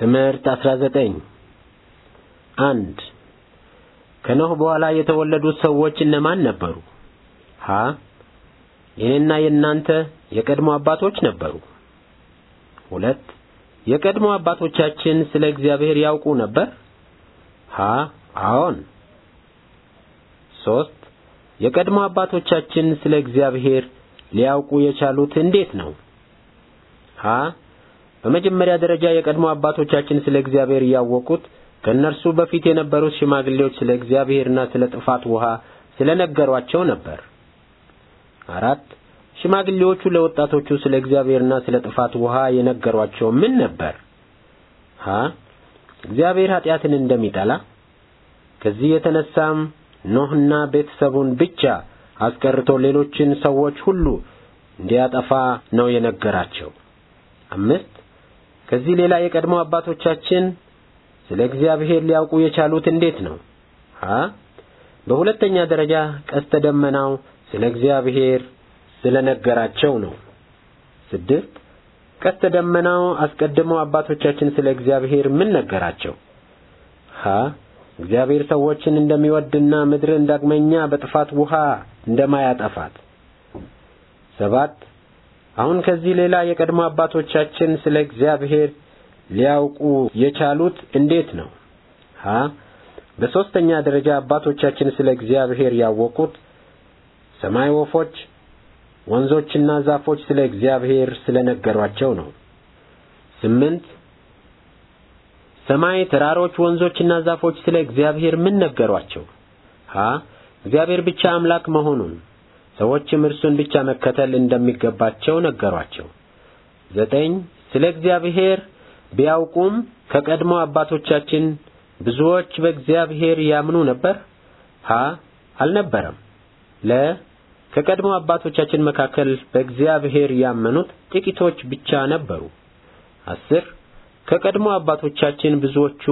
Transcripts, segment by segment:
ትምህርት 19 አንድ ከኖህ በኋላ የተወለዱት ሰዎች እነማን ነበሩ? ሀ የኔና የእናንተ የቀድሞ አባቶች ነበሩ። ሁለት የቀድሞ አባቶቻችን ስለ እግዚአብሔር ያውቁ ነበር? ሀ አዎን። ሶስት የቀድሞ አባቶቻችን ስለ እግዚአብሔር ሊያውቁ የቻሉት እንዴት ነው? ሀ በመጀመሪያ ደረጃ የቀድሞ አባቶቻችን ስለ እግዚአብሔር ያወቁት ከእነርሱ በፊት የነበሩት ሽማግሌዎች ስለ እግዚአብሔርና ስለ ጥፋት ውሃ ስለነገሯቸው ነበር። አራት ሽማግሌዎቹ ለወጣቶቹ ስለ እግዚአብሔርና ስለ ጥፋት ውሃ የነገሯቸው ምን ነበር? ሀ እግዚአብሔር ኃጢአትን እንደሚጠላ ከዚህ የተነሳም ኖህና ቤተሰቡን ብቻ አስቀርቶ ሌሎችን ሰዎች ሁሉ እንዲያጠፋ ነው የነገራቸው። አምስት ከዚህ ሌላ የቀድሞ አባቶቻችን ስለ እግዚአብሔር ሊያውቁ የቻሉት እንዴት ነው? ሀ በሁለተኛ ደረጃ ቀስተ ደመናው ስለ እግዚአብሔር ስለ ነገራቸው ነው። ስድስት ቀስተ ደመናው አስቀድሞ አባቶቻችን ስለ እግዚአብሔር ምን ነገራቸው? ሀ እግዚአብሔር ሰዎችን እንደሚወድና ምድርን ዳግመኛ በጥፋት ውሃ እንደማያጠፋት። ሰባት አሁን ከዚህ ሌላ የቀድሞ አባቶቻችን ስለ እግዚአብሔር ሊያውቁ የቻሉት እንዴት ነው? ሀ በሶስተኛ ደረጃ አባቶቻችን ስለ እግዚአብሔር ያወቁት ሰማይ ወፎች፣ ወንዞችና ዛፎች ስለ እግዚአብሔር ስለነገሯቸው ነው። ስምንት ሰማይ፣ ተራሮች፣ ወንዞችና ዛፎች ስለ እግዚአብሔር ምን ነገሯቸው? ሀ እግዚአብሔር ብቻ አምላክ መሆኑን ሰዎችም እርሱን ብቻ መከተል እንደሚገባቸው ነገሯቸው። ዘጠኝ ስለ እግዚአብሔር ቢያውቁም ከቀድሞ አባቶቻችን ብዙዎች በእግዚአብሔር ያምኑ ነበር? ሀ አልነበረም። ለ ከቀድሞ አባቶቻችን መካከል በእግዚአብሔር ያመኑት ጥቂቶች ብቻ ነበሩ። አስር ከቀድሞ አባቶቻችን ብዙዎቹ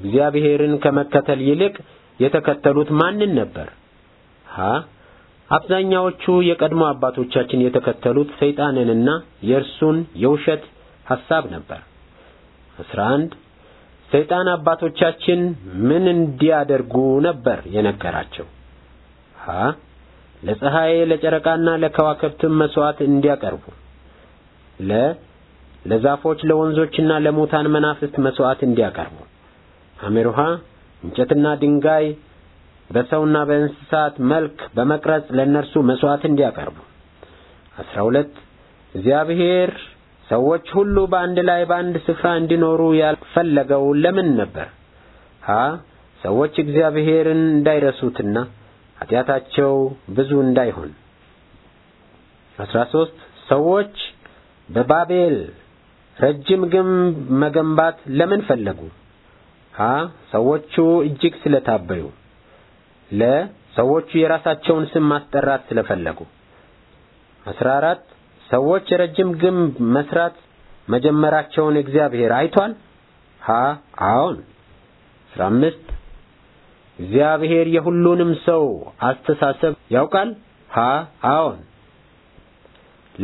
እግዚአብሔርን ከመከተል ይልቅ የተከተሉት ማንን ነበር? ሀ አብዛኛዎቹ የቀድሞ አባቶቻችን የተከተሉት ሰይጣንንና የእርሱን የውሸት ሐሳብ ነበር። 11 ሰይጣን አባቶቻችን ምን እንዲያደርጉ ነበር የነገራቸው? ሀ ለፀሐይ ለጨረቃና ለከዋክብትም መስዋዕት እንዲያቀርቡ፣ ለ ለዛፎች ለወንዞችና ለሙታን መናፍስት መስዋዕት እንዲያቀርቡ፣ አሜሮሃ እንጨትና ድንጋይ በሰውና በእንስሳት መልክ በመቅረጽ ለእነርሱ መስዋዕት እንዲያቀርቡ። 12 ሁለት እግዚአብሔር ሰዎች ሁሉ በአንድ ላይ በአንድ ስፍራ እንዲኖሩ ያልፈለገው ለምን ነበር? ሀ ሰዎች እግዚአብሔርን እንዳይረሱትና ኃጢአታቸው ብዙ እንዳይሆን። አስራ ሰዎች በባቤል ረጅም ግንብ መገንባት ለምን ፈለጉ? ሀ ሰዎቹ እጅግ ስለታበዩ። ለሰዎች የራሳቸውን ስም ማስጠራት ስለፈለጉ። 14 ሰዎች ረጅም ግንብ መስራት መጀመራቸውን እግዚአብሔር አይቷል? ሀ አዎን። 15 እግዚአብሔር የሁሉንም ሰው አስተሳሰብ ያውቃል? ሀ አዎን።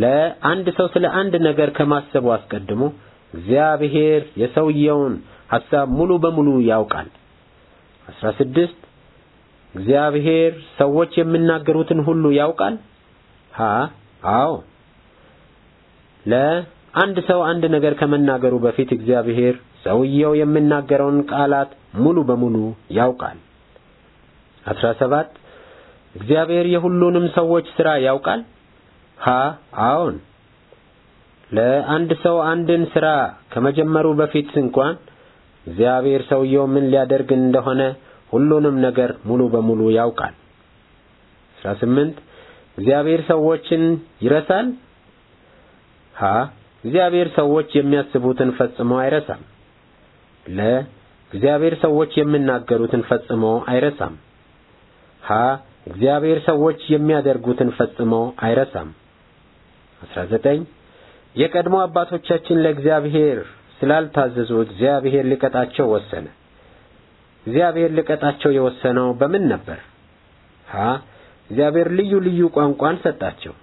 ለአንድ ሰው ስለ አንድ ነገር ከማሰቡ አስቀድሞ እግዚአብሔር የሰውየውን ሐሳብ ሙሉ በሙሉ ያውቃል። 16 እግዚአብሔር ሰዎች የሚናገሩትን ሁሉ ያውቃል? ሀ አዎ። ለ አንድ ሰው አንድ ነገር ከመናገሩ በፊት እግዚአብሔር ሰውየው የሚናገረውን ቃላት ሙሉ በሙሉ ያውቃል። 17 እግዚአብሔር የሁሉንም ሰዎች ሥራ ያውቃል? ሀ አዎን። ለአንድ ሰው አንድን ሥራ ከመጀመሩ በፊት እንኳን እግዚአብሔር ሰውየው ምን ሊያደርግ እንደሆነ ሁሉንም ነገር ሙሉ በሙሉ ያውቃል። 18 እግዚአብሔር ሰዎችን ይረሳል? ሀ እግዚአብሔር ሰዎች የሚያስቡትን ፈጽሞ አይረሳም። ለ እግዚአብሔር ሰዎች የሚናገሩትን ፈጽሞ አይረሳም። ሀ እግዚአብሔር ሰዎች የሚያደርጉትን ፈጽሞ አይረሳም። 19 የቀድሞ አባቶቻችን ለእግዚአብሔር ስላልታዘዙ እግዚአብሔር ሊቀጣቸው ወሰነ። እግዚአብሔር ልቀጣቸው የወሰነው በምን ነበር? ሀ እግዚአብሔር ልዩ ልዩ ቋንቋን ሰጣቸው።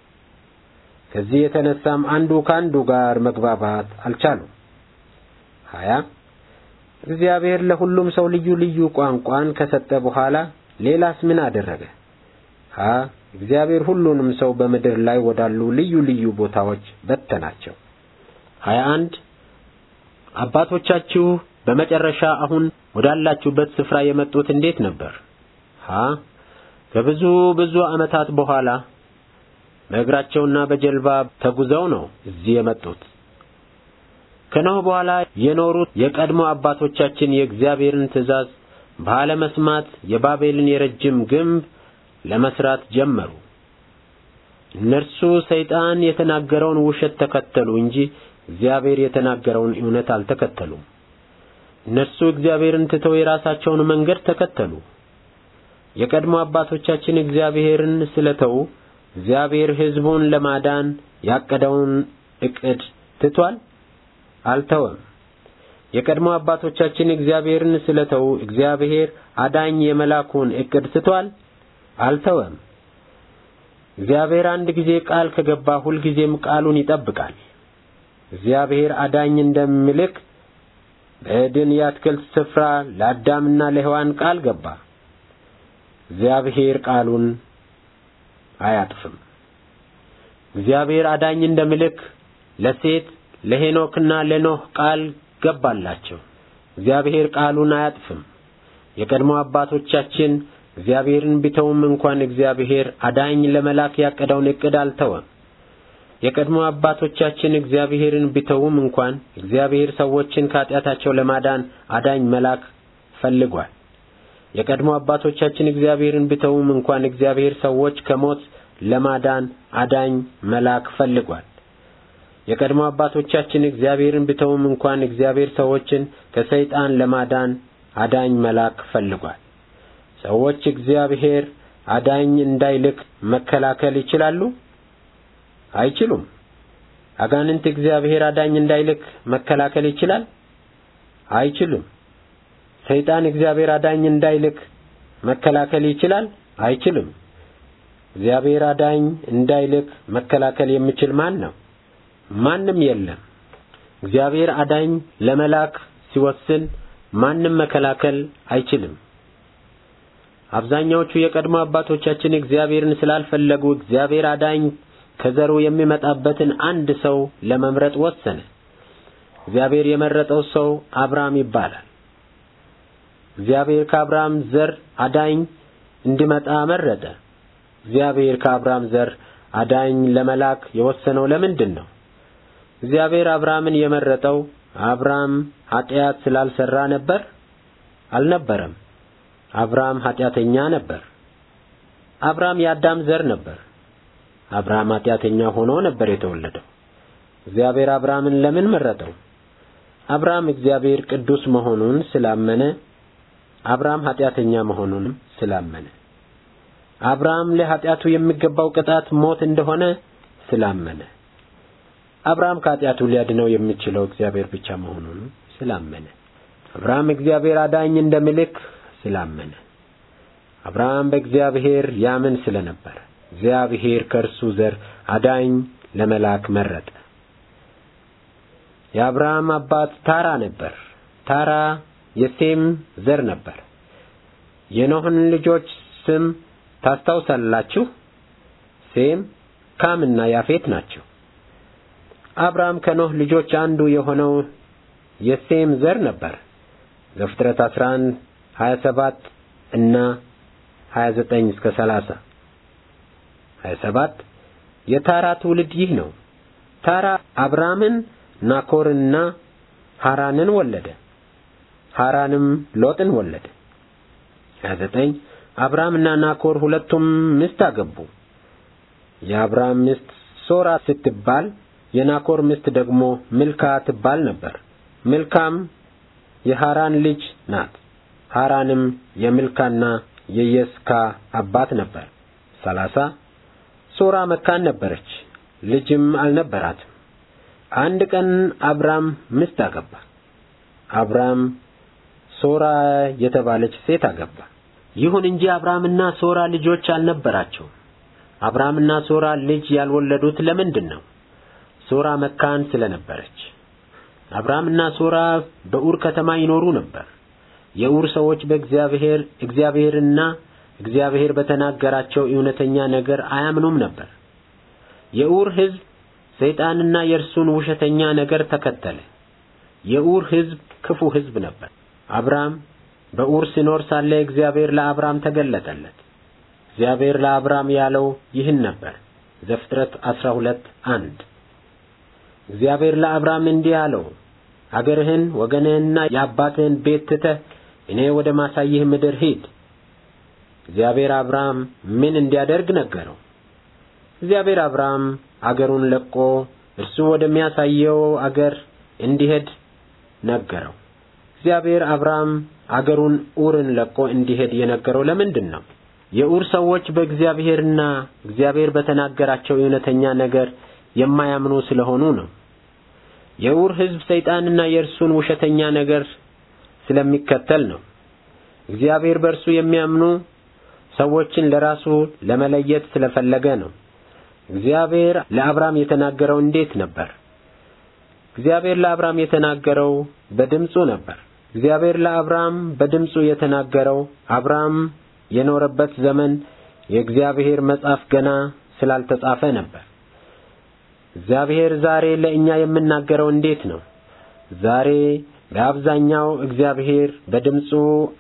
ከዚህ የተነሳም አንዱ ከአንዱ ጋር መግባባት አልቻሉም። ሀያ እግዚአብሔር ለሁሉም ሰው ልዩ ልዩ ቋንቋን ከሰጠ በኋላ ሌላስ ምን አደረገ? ሀ እግዚአብሔር ሁሉንም ሰው በምድር ላይ ወዳሉ ልዩ ልዩ ቦታዎች በተናቸው። ሀያ አንድ አባቶቻችሁ በመጨረሻ አሁን ወዳላችሁበት ስፍራ የመጡት እንዴት ነበር? ሀ ከብዙ ብዙ ዓመታት በኋላ በእግራቸውና በጀልባ ተጉዘው ነው እዚህ የመጡት። ከኖህ በኋላ የኖሩት የቀድሞ አባቶቻችን የእግዚአብሔርን ትእዛዝ ባለመስማት የባቤልን የረጅም ግንብ ለመስራት ጀመሩ። እነርሱ ሰይጣን የተናገረውን ውሸት ተከተሉ እንጂ እግዚአብሔር የተናገረውን እውነት አልተከተሉም። እነርሱ እግዚአብሔርን ትተው የራሳቸውን መንገድ ተከተሉ። የቀድሞ አባቶቻችን እግዚአብሔርን ስለተው እግዚአብሔር ሕዝቡን ለማዳን ያቀደውን እቅድ ትቷል፣ አልተወም። የቀድሞ አባቶቻችን እግዚአብሔርን ስለተው እግዚአብሔር አዳኝ የመላኩን እቅድ ትቷል፣ አልተወም። እግዚአብሔር አንድ ጊዜ ቃል ከገባ ሁልጊዜም ቃሉን ይጠብቃል። እግዚአብሔር አዳኝ እንደሚልክ በዕድን የአትክልት ስፍራ ለአዳምና ለሔዋን ቃል ገባ። እግዚአብሔር ቃሉን አያጥፍም። እግዚአብሔር አዳኝ እንደ ምልክ ለሴት ለሄኖክና ለኖህ ቃል ገባላቸው። እግዚአብሔር ቃሉን አያጥፍም። የቀድሞ አባቶቻችን እግዚአብሔርን ቢተውም እንኳን እግዚአብሔር አዳኝ ለመላክ ያቀደውን እቅድ አልተወም። የቀድሞ አባቶቻችን እግዚአብሔርን ቢተውም እንኳን እግዚአብሔር ሰዎችን ከኃጢአታቸው ለማዳን አዳኝ መልአክ ፈልጓል። የቀድሞ አባቶቻችን እግዚአብሔርን ቢተውም እንኳን እግዚአብሔር ሰዎች ከሞት ለማዳን አዳኝ መልአክ ፈልጓል። የቀድሞ አባቶቻችን እግዚአብሔርን ቢተውም እንኳን እግዚአብሔር ሰዎችን ከሰይጣን ለማዳን አዳኝ መልአክ ፈልጓል። ሰዎች እግዚአብሔር አዳኝ እንዳይልክ መከላከል ይችላሉ? አይችሉም። አጋንንት እግዚአብሔር አዳኝ እንዳይልክ መከላከል ይችላል? አይችልም። ሰይጣን እግዚአብሔር አዳኝ እንዳይልክ መከላከል ይችላል? አይችልም። እግዚአብሔር አዳኝ እንዳይልክ መከላከል የሚችል ማን ነው? ማንም የለም። እግዚአብሔር አዳኝ ለመላክ ሲወስን ማንም መከላከል አይችልም። አብዛኛዎቹ የቀድሞ አባቶቻችን እግዚአብሔርን ስላልፈለጉ እግዚአብሔር አዳኝ ከዘሩ የሚመጣበትን አንድ ሰው ለመምረጥ ወሰነ። እግዚአብሔር የመረጠው ሰው አብርሃም ይባላል። እግዚአብሔር ከአብርሃም ዘር አዳኝ እንዲመጣ መረጠ። እግዚአብሔር ከአብርሃም ዘር አዳኝ ለመላክ የወሰነው ለምንድን ነው? እግዚአብሔር አብርሃምን የመረጠው አብርሃም ኃጢአት ስላልሰራ ነበር? አልነበረም። አብርሃም ኃጢአተኛ ነበር። አብርሃም የአዳም ዘር ነበር። አብርሃም ኃጢአተኛ ሆኖ ነበር የተወለደው። እግዚአብሔር አብርሃምን ለምን መረጠው? አብርሃም እግዚአብሔር ቅዱስ መሆኑን ስላመነ፣ አብርሃም ኃጢአተኛ መሆኑንም ስላመነ፣ አብርሃም ለኃጢአቱ የሚገባው ቅጣት ሞት እንደሆነ ስላመነ፣ አብርሃም ከኃጢአቱ ሊያድነው የሚችለው እግዚአብሔር ብቻ መሆኑን ስላመነ፣ አብርሃም እግዚአብሔር አዳኝ እንደሚልክ ስላመነ፣ አብርሃም በእግዚአብሔር ያምን ስለነበረ እግዚአብሔር ከእርሱ ዘር አዳኝ ለመላክ መረጠ። የአብርሃም አባት ታራ ነበር። ታራ የሴም ዘር ነበር። የኖህን ልጆች ስም ታስታውሳላችሁ? ሴም፣ ካምና ያፌት ናቸው። አብርሃም ከኖህ ልጆች አንዱ የሆነው የሴም ዘር ነበር። ዘፍጥረት 11 27 እና 29 እስከ 30 27 የታራ ትውልድ ይህ ነው። ታራ አብራምን፣ ናኮርንና ሃራንን ወለደ። ሃራንም ሎጥን ወለደ። 29 አብራምና ናኮር ሁለቱም ሚስት አገቡ። የአብራም ሚስት ሶራ ስትባል የናኮር ሚስት ደግሞ ምልካ ትባል ነበር። ምልካም የሃራን ልጅ ናት። ሃራንም የሚልካና የየስካ አባት ነበር። ሰላሳ ሶራ መካን ነበረች፣ ልጅም አልነበራትም። አንድ ቀን አብራም ሚስት አገባ። አብራም ሶራ የተባለች ሴት አገባ። ይሁን እንጂ አብራምና ሶራ ልጆች አልነበራቸውም። አብራምና ሶራ ልጅ ያልወለዱት ለምንድን ነው? ሶራ መካን ስለነበረች። አብራምና ሶራ በኡር ከተማ ይኖሩ ነበር። የኡር ሰዎች በእግዚአብሔር እግዚአብሔርና እግዚአብሔር በተናገራቸው እውነተኛ ነገር አያምኑም ነበር። የኡር ሕዝብ ሰይጣንና የእርሱን ውሸተኛ ነገር ተከተለ። የኡር ሕዝብ ክፉ ሕዝብ ነበር። አብርሃም በኡር ሲኖር ሳለ እግዚአብሔር ለአብርሃም ተገለጠለት። እግዚአብሔር ለአብርሃም ያለው ይህን ነበር። ዘፍጥረት 12 አንድ እግዚአብሔር ለአብርሃም እንዲህ አለው፣ አገርህን፣ ወገንህንና የአባትህን ቤት ትተህ እኔ ወደ ማሳይህ ምድር ሂድ እግዚአብሔር አብርሃም ምን እንዲያደርግ ነገረው። እግዚአብሔር አብርሃም አገሩን ለቆ እርሱ ወደሚያሳየው አገር እንዲሄድ ነገረው። እግዚአብሔር አብርሃም አገሩን ኡርን ለቆ እንዲሄድ የነገረው ለምንድን ነው? የኡር ሰዎች በእግዚአብሔርና እግዚአብሔር በተናገራቸው እውነተኛ ነገር የማያምኑ ስለሆኑ ነው። የኡር ሕዝብ ሰይጣንና የእርሱን ውሸተኛ ነገር ስለሚከተል ነው። እግዚአብሔር በእርሱ የሚያምኑ ሰዎችን ለራሱ ለመለየት ስለፈለገ ነው። እግዚአብሔር ለአብራም የተናገረው እንዴት ነበር? እግዚአብሔር ለአብራም የተናገረው በድምፁ ነበር። እግዚአብሔር ለአብርሃም በድምፁ የተናገረው አብራም የኖረበት ዘመን የእግዚአብሔር መጽሐፍ ገና ስላልተጻፈ ነበር። እግዚአብሔር ዛሬ ለእኛ የምናገረው እንዴት ነው? ዛሬ በአብዛኛው እግዚአብሔር በድምፁ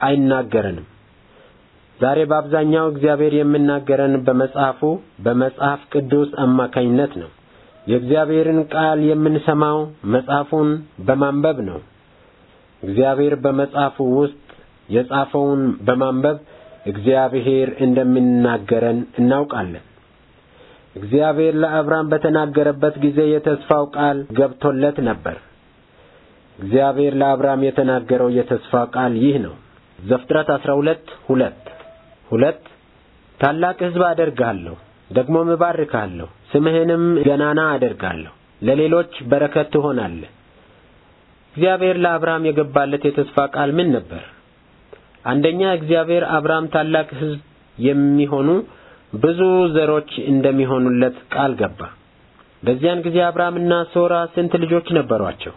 አይናገረንም። ዛሬ በአብዛኛው እግዚአብሔር የሚናገረን በመጽሐፉ በመጽሐፍ ቅዱስ አማካኝነት ነው። የእግዚአብሔርን ቃል የምንሰማው መጽሐፉን በማንበብ ነው። እግዚአብሔር በመጽሐፉ ውስጥ የጻፈውን በማንበብ እግዚአብሔር እንደሚናገረን እናውቃለን። እግዚአብሔር ለአብርሃም በተናገረበት ጊዜ የተስፋው ቃል ገብቶለት ነበር። እግዚአብሔር ለአብርሃም የተናገረው የተስፋ ቃል ይህ ነው። ዘፍጥረት አስራ ሁለት ሁለት ሁለት ታላቅ ሕዝብ አደርግሃለሁ፣ ደግሞም እባርክሃለሁ፣ ስምህንም ገናና አደርጋለሁ፣ ለሌሎች በረከት ትሆናለህ። እግዚአብሔር ለአብርሃም የገባለት የተስፋ ቃል ምን ነበር? አንደኛ እግዚአብሔር አብርሃም ታላቅ ሕዝብ የሚሆኑ ብዙ ዘሮች እንደሚሆኑለት ቃል ገባ። በዚያን ጊዜ አብርሃምና ሶራ ስንት ልጆች ነበሯቸው?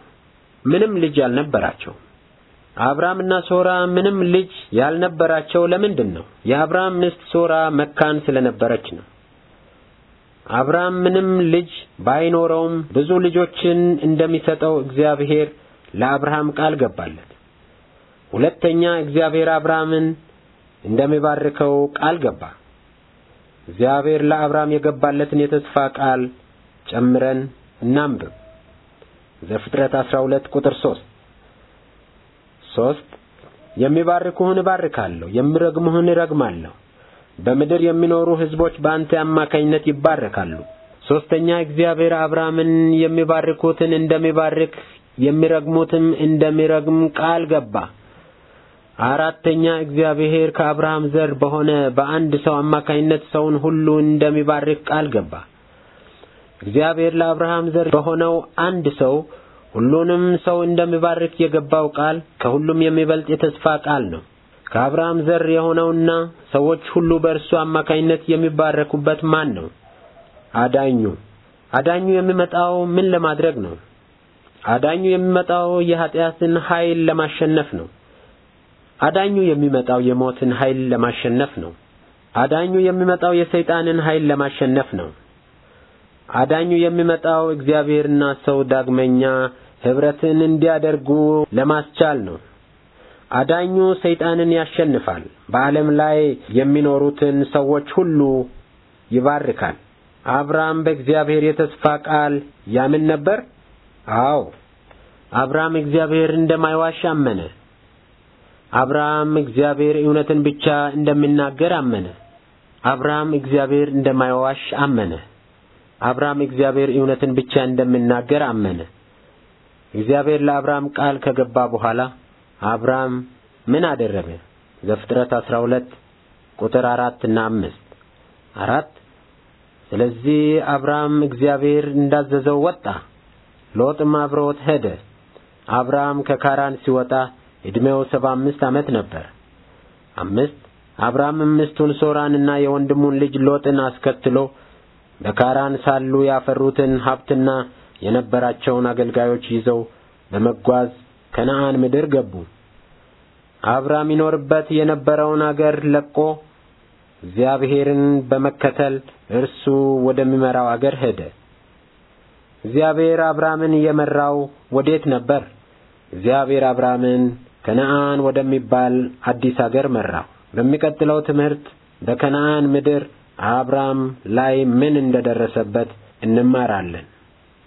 ምንም ልጅ አልነበራቸው። አብራምና ሶራ ምንም ልጅ ያልነበራቸው ለምንድን ነው? የአብርሃም ሚስት ሶራ መካን ስለነበረች ነው። አብራም ምንም ልጅ ባይኖረውም ብዙ ልጆችን እንደሚሰጠው እግዚአብሔር ለአብርሃም ቃል ገባለት። ሁለተኛ እግዚአብሔር አብራምን እንደሚባርከው ቃል ገባ። እግዚአብሔር ለአብራም የገባለትን የተስፋ ቃል ጨምረን እናንብብ። ዘፍጥረት 12 ቁጥር 3 ሶስት የሚባርኩህን እባርካለሁ፣ የምረግሙህን እረግማለሁ። በምድር የሚኖሩ ህዝቦች በአንተ አማካኝነት ይባረካሉ። ሶስተኛ እግዚአብሔር አብርሃምን የሚባርኩትን እንደሚባርክ የሚረግሙትም እንደሚረግም ቃል ገባ። አራተኛ እግዚአብሔር ከአብርሃም ዘር በሆነ በአንድ ሰው አማካኝነት ሰውን ሁሉ እንደሚባርክ ቃል ገባ። እግዚአብሔር ለአብርሃም ዘር በሆነው አንድ ሰው ሁሉንም ሰው እንደሚባርክ የገባው ቃል ከሁሉም የሚበልጥ የተስፋ ቃል ነው። ከአብርሃም ዘር የሆነውና ሰዎች ሁሉ በእርሱ አማካኝነት የሚባረኩበት ማን ነው? አዳኙ። አዳኙ የሚመጣው ምን ለማድረግ ነው? አዳኙ የሚመጣው የኃጢአትን ኃይል ለማሸነፍ ነው። አዳኙ የሚመጣው የሞትን ኃይል ለማሸነፍ ነው። አዳኙ የሚመጣው የሰይጣንን ኃይል ለማሸነፍ ነው። አዳኙ የሚመጣው እግዚአብሔርና ሰው ዳግመኛ ህብረትን እንዲያደርጉ ለማስቻል ነው። አዳኙ ሰይጣንን ያሸንፋል። በዓለም ላይ የሚኖሩትን ሰዎች ሁሉ ይባርካል። አብርሃም በእግዚአብሔር የተስፋ ቃል ያምን ነበር። አዎ፣ አብርሃም እግዚአብሔር እንደማይዋሽ አመነ። አብርሃም እግዚአብሔር እውነትን ብቻ እንደሚናገር አመነ። አብርሃም እግዚአብሔር እንደማይዋሽ አመነ። አብርሃም እግዚአብሔር እውነትን ብቻ እንደሚናገር አመነ። እግዚአብሔር ለአብርሃም ቃል ከገባ በኋላ አብርሃም ምን አደረገ? ዘፍጥረት 12 ቁጥር 4 እና 5 አራት ስለዚህ አብርሃም እግዚአብሔር እንዳዘዘው ወጣ፣ ሎጥም አብሮት ሄደ። አብርሃም ከካራን ሲወጣ ዕድሜው ሰባ አምስት ዓመት ነበር። አምስት አብርሃምም ሚስቱን ሶራንና የወንድሙን ልጅ ሎጥን አስከትሎ በካራን ሳሉ ያፈሩትን ሀብትና የነበራቸውን አገልጋዮች ይዘው በመጓዝ ከነአን ምድር ገቡ። አብራም ይኖርበት የነበረውን አገር ለቆ እግዚአብሔርን በመከተል እርሱ ወደሚመራው አገር ሄደ። እግዚአብሔር አብራምን የመራው ወዴት ነበር? እግዚአብሔር አብራምን ከነአን ወደሚባል አዲስ አገር መራው። በሚቀጥለው ትምህርት በከነአን ምድር አብርሃም ላይ ምን እንደደረሰበት እንማራለን።